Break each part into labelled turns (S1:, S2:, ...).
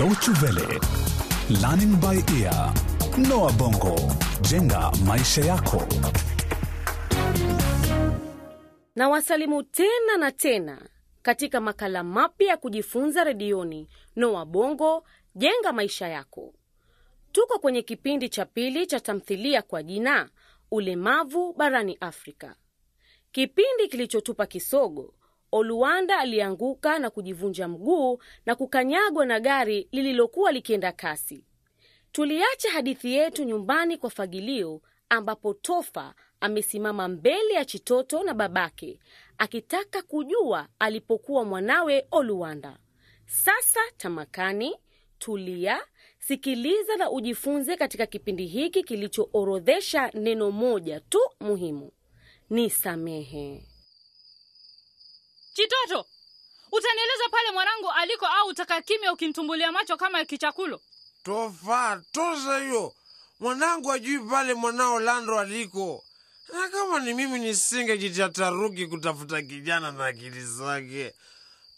S1: Deutsche Welle, Learning by Ear, Noah Bongo, jenga maisha yako.
S2: Na wasalimu tena na tena katika makala mapya ya kujifunza redioni Noah Bongo, jenga maisha yako. Tuko kwenye kipindi cha pili cha tamthilia kwa jina Ulemavu barani Afrika, kipindi kilichotupa kisogo Oluwanda alianguka na kujivunja mguu na kukanyagwa na gari lililokuwa likienda kasi. Tuliacha hadithi yetu nyumbani kwa Fagilio ambapo Tofa amesimama mbele ya Chitoto na babake akitaka kujua alipokuwa mwanawe Oluwanda. Sasa Tamakani, tulia, sikiliza na ujifunze katika kipindi hiki kilichoorodhesha neno moja tu muhimu: nisamehe.
S3: Kitoto, utanieleza pale mwanangu aliko, au utaka kimya ukimtumbulia macho kama kichakulo?
S1: Tofa toza hiyo, mwanangu ajui pale mwanao Lando aliko, na kama ni mimi nisinge jitataruki kutafuta kijana na akili zake. E,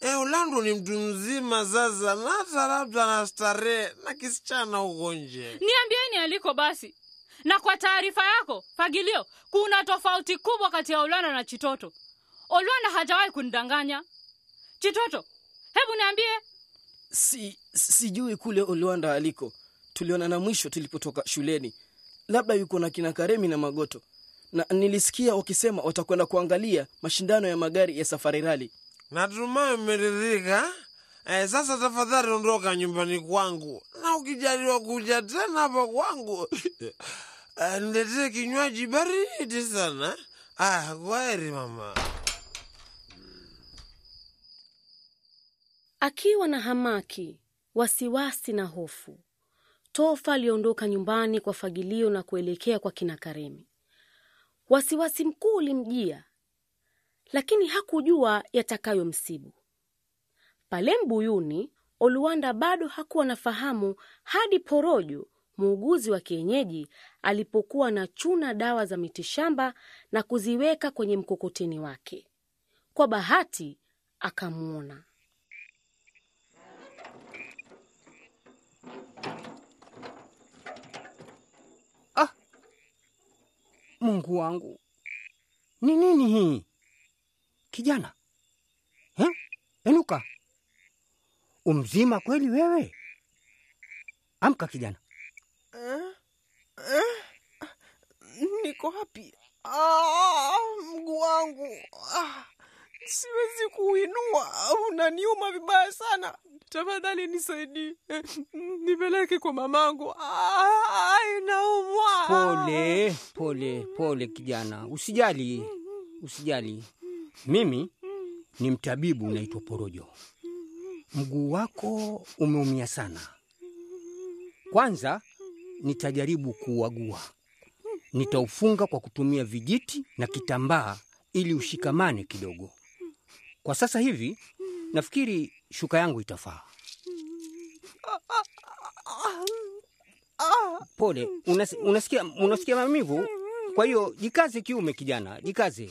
S1: eh, Ulando ni mtu mzima sasa, na hata labda na starehe na kisichana huko nje. Niambieni
S3: aliko basi. Na kwa taarifa yako Fagilio, kuna tofauti kubwa kati ya Ulando na Chitoto. Olwana hajawahi kunidanganya. Chitoto, hebu niambie.
S2: Si sijui kule Olwanda aliko. tuliona na mwisho tulipotoka shuleni. Labda yuko na kina Karemi na Magoto. Na nilisikia wakisema watakwenda kuangalia mashindano ya magari ya safari rali.
S1: Natumai umeridhika. Eh, sasa tafadhali ondoka nyumbani kwangu, na ukijaliwa kuja tena hapa kwangu eh, niletee kinywaji baridi sana. Ah, kwaheri mama.
S2: Akiwa na hamaki, wasiwasi na hofu, Tofa aliondoka nyumbani kwa fagilio na kuelekea kwa kina Karemi. Wasiwasi mkuu ulimjia, lakini hakujua yatakayomsibu. Pale Mbuyuni, Oluwanda bado hakuwa na fahamu hadi Porojo, muuguzi wa kienyeji, alipokuwa na chuna dawa za mitishamba na kuziweka kwenye mkokoteni wake. Kwa bahati akamwona
S1: Mungu wangu, ni nini hii kijana? He? Enuka, umzima kweli wewe? Amka kijana. Eh? Eh? Niko wapi? Ah, mguu wangu ah siwezi kuinua au naniuma vibaya sana. Tafadhali nisaidie, nipeleke kwa mamangu. Naumwa. Pole pole pole, kijana, usijali, usijali. Mimi ni mtabibu, naitwa Porojo. Mguu wako umeumia sana. Kwanza nitajaribu kuuagua, nitaufunga kwa kutumia vijiti na kitambaa ili ushikamane kidogo. Kwa sasa hivi nafikiri shuka yangu itafaa. Pole, unas, unasikia, unasikia maumivu? Kwa hiyo jikaze kiume, kijana, jikaze.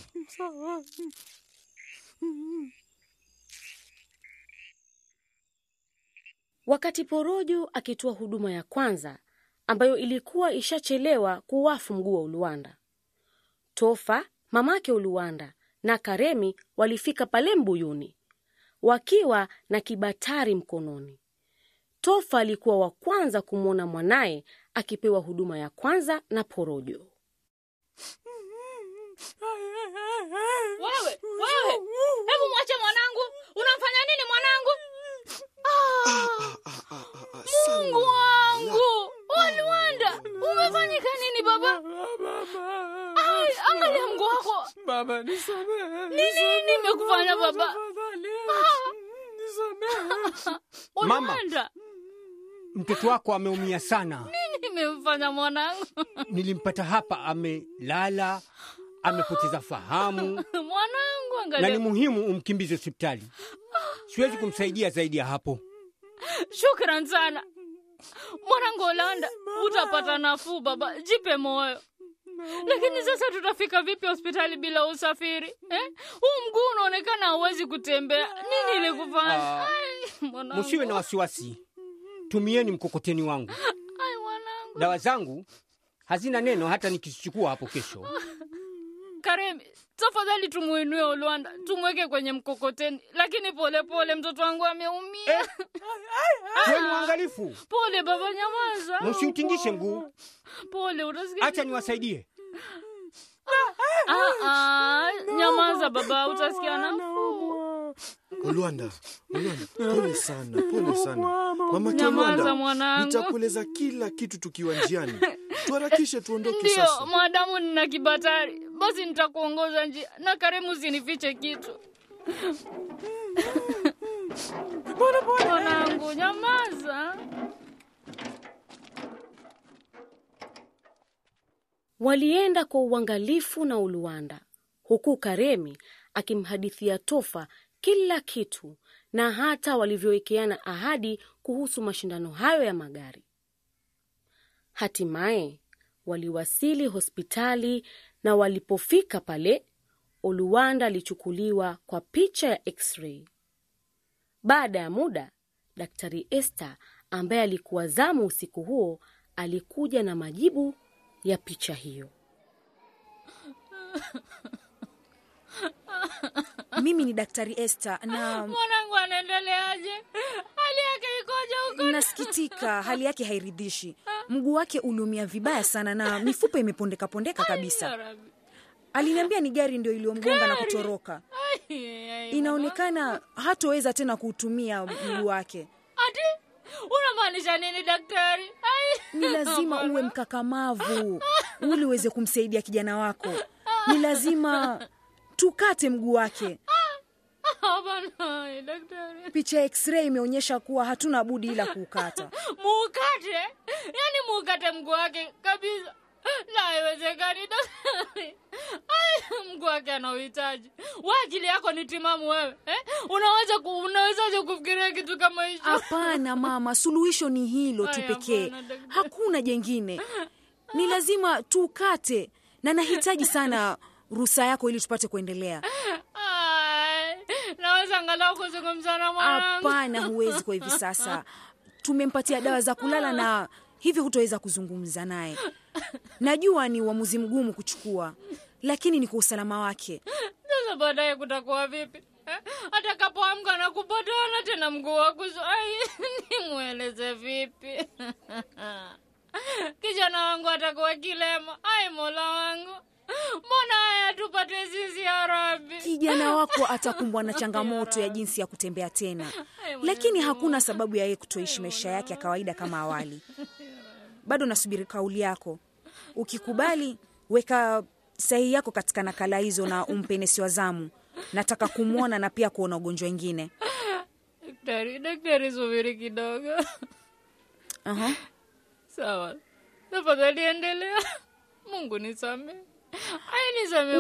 S2: Wakati Porojo akitoa huduma ya kwanza ambayo ilikuwa ishachelewa kuwafu mguu wa uluanda Tofa mamake uluanda na Karemi walifika pale Mbuyuni wakiwa na kibatari mkononi. Tofa alikuwa wa kwanza kumwona mwanaye akipewa huduma ya kwanza na porojo.
S3: Wewe, wewe, hebu mwache mwanangu! Unamfanya nini mwanangu? Ah, ah, ah, ah Mungu wangu, Olwanda,
S1: baba, nisamehe. Nini nimekufanya baba? Mama, mtoto wako ameumia sana.
S3: Nini nimemfanya mwanangu?
S1: Nilimpata hapa amelala, amepoteza fahamu.
S3: Mwanangu, angalia. Na ni
S1: muhimu umkimbize hospitali. Siwezi kumsaidia zaidi ya hapo.
S3: Shukran sana mwanangu Olanda, utapata nafuu baba, jipe moyo. Lakini sasa tutafika vipi hospitali bila usafiri mm-hmm. eh? Huu mguu unaonekana hauwezi kutembea. Nini ah. ilikufanya ah. mwanangu? Msiwe na
S1: wasiwasi, mm-hmm. tumieni mkokoteni wangu. Ai, mwanangu, dawa zangu hazina neno hata nikichukua hapo kesho.
S3: Karemi, tafadhali tumuinue ulwanda tumweke kwenye mkokoteni, lakini polepole, mtoto wangu ameumia.
S1: Eh, wewe mwangalifu.
S3: Pole baba, nyamaza, msiutingishe mguu. Pole, utasikia. Acha
S1: niwasaidie.
S3: Ah, ah, ah nyamaza baba, utasikia nafuu.
S1: Luanda, Luanda, pole
S4: sana, pole sana.
S3: Mama Nyamaza
S4: Nitakueleza kila kitu tukiwa njiani. Tuharakishe tuondoke sasa. Ndio,
S3: maadamu nina kibatari, basi nitakuongoza njia. Na karimu zinifiche kitu.
S4: Pole
S2: pole. nangu,
S3: nyamaza.
S2: Walienda kwa uangalifu na uluanda, huku Karemi akimhadithia Tofa kila kitu na hata walivyowekeana ahadi kuhusu mashindano hayo ya magari. Hatimaye waliwasili hospitali, na walipofika pale, Oluwanda alichukuliwa kwa picha ya x-ray. Baada ya muda, Daktari Esther ambaye alikuwa zamu usiku huo alikuja na majibu ya picha hiyo. Mimi ni Daktari Esther na
S3: mwanangu anaendeleaje? Hali yake ikoje huko? Nasikitika,
S4: hali yake hairidhishi. Mguu wake uliumia vibaya sana na mifupa imepondeka pondeka kabisa. Aliniambia ni gari ndio iliyomgonga na kutoroka.
S3: Inaonekana
S4: hatoweza tena kuutumia mguu wake.
S3: Unamaanisha nini daktari? Ni lazima uwe
S4: mkakamavu ili uweze kumsaidia kijana wako. Ni lazima tukate mguu wake.
S3: Ah, ah,
S4: Picha ya x-ray imeonyesha kuwa hatuna budi ila kuukata.
S3: Muukate? Yaani muukate mguu wake kabisa la haiwezekani. Mungu wake anauhitaji wa akili yako ni timamu wewe eh? Unaweza ku, unawezaje kufikiria kitu kama hicho? Hapana
S4: mama, suluhisho ni hilo tu pekee, hakuna jengine. Ni lazima tukate, na nahitaji sana ruhusa yako ili tupate kuendelea.
S3: naweza angalau kuzungumza na mwanangu. Hapana, huwezi kwa hivi sasa.
S4: Tumempatia dawa za kulala na hivyo hutaweza kuzungumza naye. Najua ni uamuzi mgumu kuchukua, lakini ni kwa usalama wake.
S3: Sasa baadaye kutakuwa vipi? Eh, atakapoamka na kupotana tena mguu wako, nimweleze vipi? Kijana wangu atakuwa kilema. Ai, Mola wangu, mbona haya tupate zizi ya Rabi? Kijana wako
S4: atakumbwa na changamoto ya jinsi ya kutembea tena, lakini hakuna sababu ya yeye kutoishi maisha yake ya kawaida kama awali bado nasubiri kauli yako. Ukikubali, weka sahihi yako katika nakala hizo na umpenesi wa zamu. Nataka kumwona na pia kuona ugonjwa wengine.
S3: Daktari, subiri kidogo. uh-huh. Sawa, tafadhali endelea. Mungu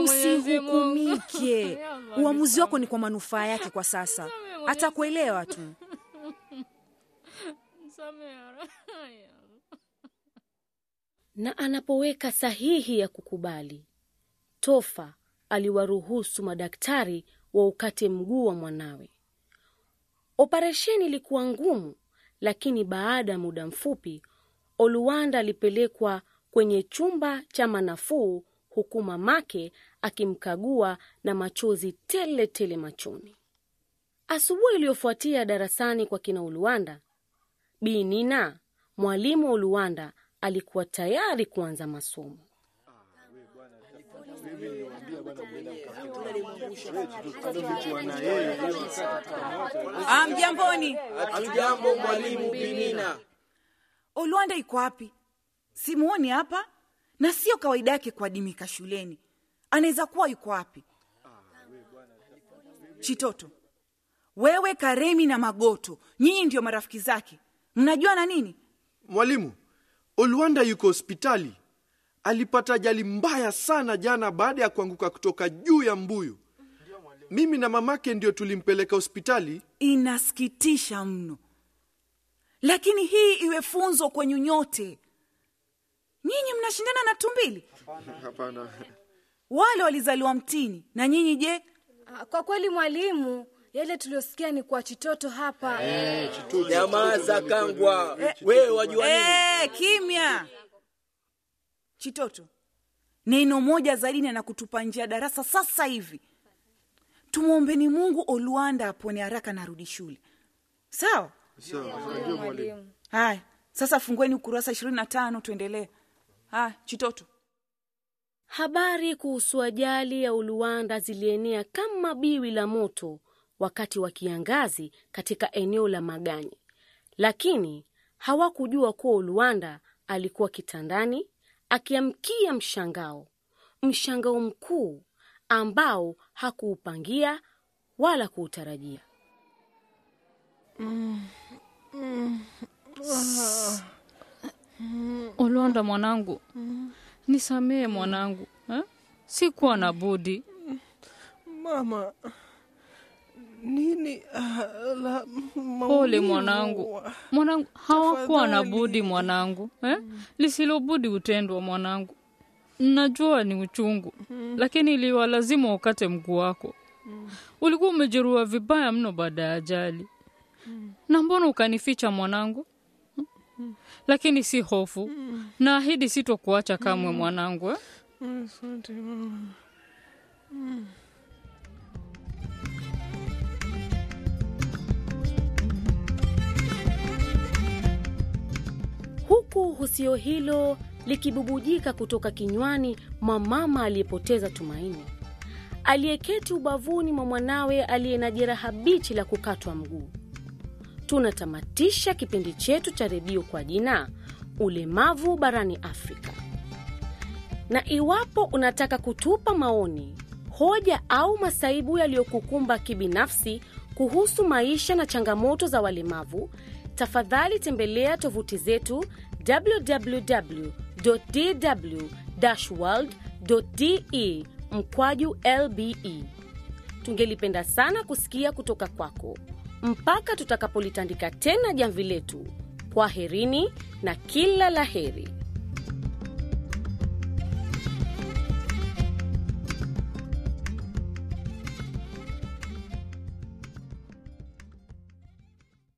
S3: Usihukumike. Uamuzi wako
S4: ni kwa manufaa yake kwa sasa, hatakuelewa tu.
S2: na anapoweka sahihi ya kukubali. Tofa aliwaruhusu madaktari wa ukate mguu wa mwanawe. Operesheni ilikuwa ngumu, lakini baada ya muda mfupi Oluwanda alipelekwa kwenye chumba cha manafuu, huku mamake akimkagua na machozi tele tele machoni. Asubuhi iliyofuatia darasani kwa kina Oluwanda, Bi Nina, mwalimu wa Oluwanda, alikuwa tayari kuanza masomo.
S4: Amjamboni. Amjambo mwalimu Binina. Olwanda iko wapi? Simuoni hapa, na sio kawaida yake kuadimika shuleni. Anaweza kuwa yuko wapi? Chitoto wewe, Karemi na Magoto, nyinyi ndio marafiki zake, mnajua na nini? Mwalimu, Olwanda yuko hospitali. Alipata ajali mbaya sana jana baada ya kuanguka kutoka juu ya mbuyu. Mimi na mamake ndio tulimpeleka hospitali. Inasikitisha mno, lakini hii iwe funzo kwenyu nyote. Nyinyi mnashindana na tumbili?
S2: Hapana, hapana.
S4: Wale walizaliwa mtini na nyinyi je? Ah, kwa kweli mwalimu, yale tuliosikia ni kwa Chitoto hapa.
S1: Jamaa za Kangwa. wewe wajua nini? kimya.
S4: Chitoto. Neno moja zaidi anakutupa nje ya darasa sasa hivi. Tumwombeni Mungu Oluanda apone haraka na shule. Sawa? Sawa. Haya, sasa fungueni ukurasa 25 tuendelee.
S2: Haya, Chitoto. Habari kuhusu ajali ya Uluanda zilienea kama biwi la moto wakati wa kiangazi katika eneo la Maganye, lakini hawakujua kuwa ulwanda alikuwa kitandani akiamkia mshangao, mshangao mkuu ambao hakuupangia wala kuutarajia.
S3: ulwanda mwanangu, nisamehe mwanangu, eh? sikuwa na budi
S1: mama nini ah, la pole mwanangu,
S3: mwanangu, hawakuwa na budi mwanangu eh? Mm. lisilobudi utendwa mwanangu. Najua ni uchungu mm. lakini lazima ukate mguu wako mm. ulikuwa umejeruhiwa vibaya mno baada ya ajali mm. na mbona ukanificha mwanangu hmm? mm. lakini si hofu mm. naahidi sitokuacha kamwe mm. mwanangu eh? mm.
S2: huku husio hilo likibubujika kutoka kinywani mwa mama aliyepoteza tumaini, aliyeketi ubavuni mwa mwanawe aliye na jeraha bichi la kukatwa mguu. Tunatamatisha kipindi chetu cha redio kwa jina Ulemavu Barani Afrika, na iwapo unataka kutupa maoni, hoja au masaibu yaliyokukumba kibinafsi kuhusu maisha na changamoto za walemavu tafadhali tembelea tovuti zetu www.dw-world.de mkwaju lbe. Tungelipenda sana kusikia kutoka kwako. Mpaka tutakapolitandika tena jamvi letu, kwaherini na kila la heri.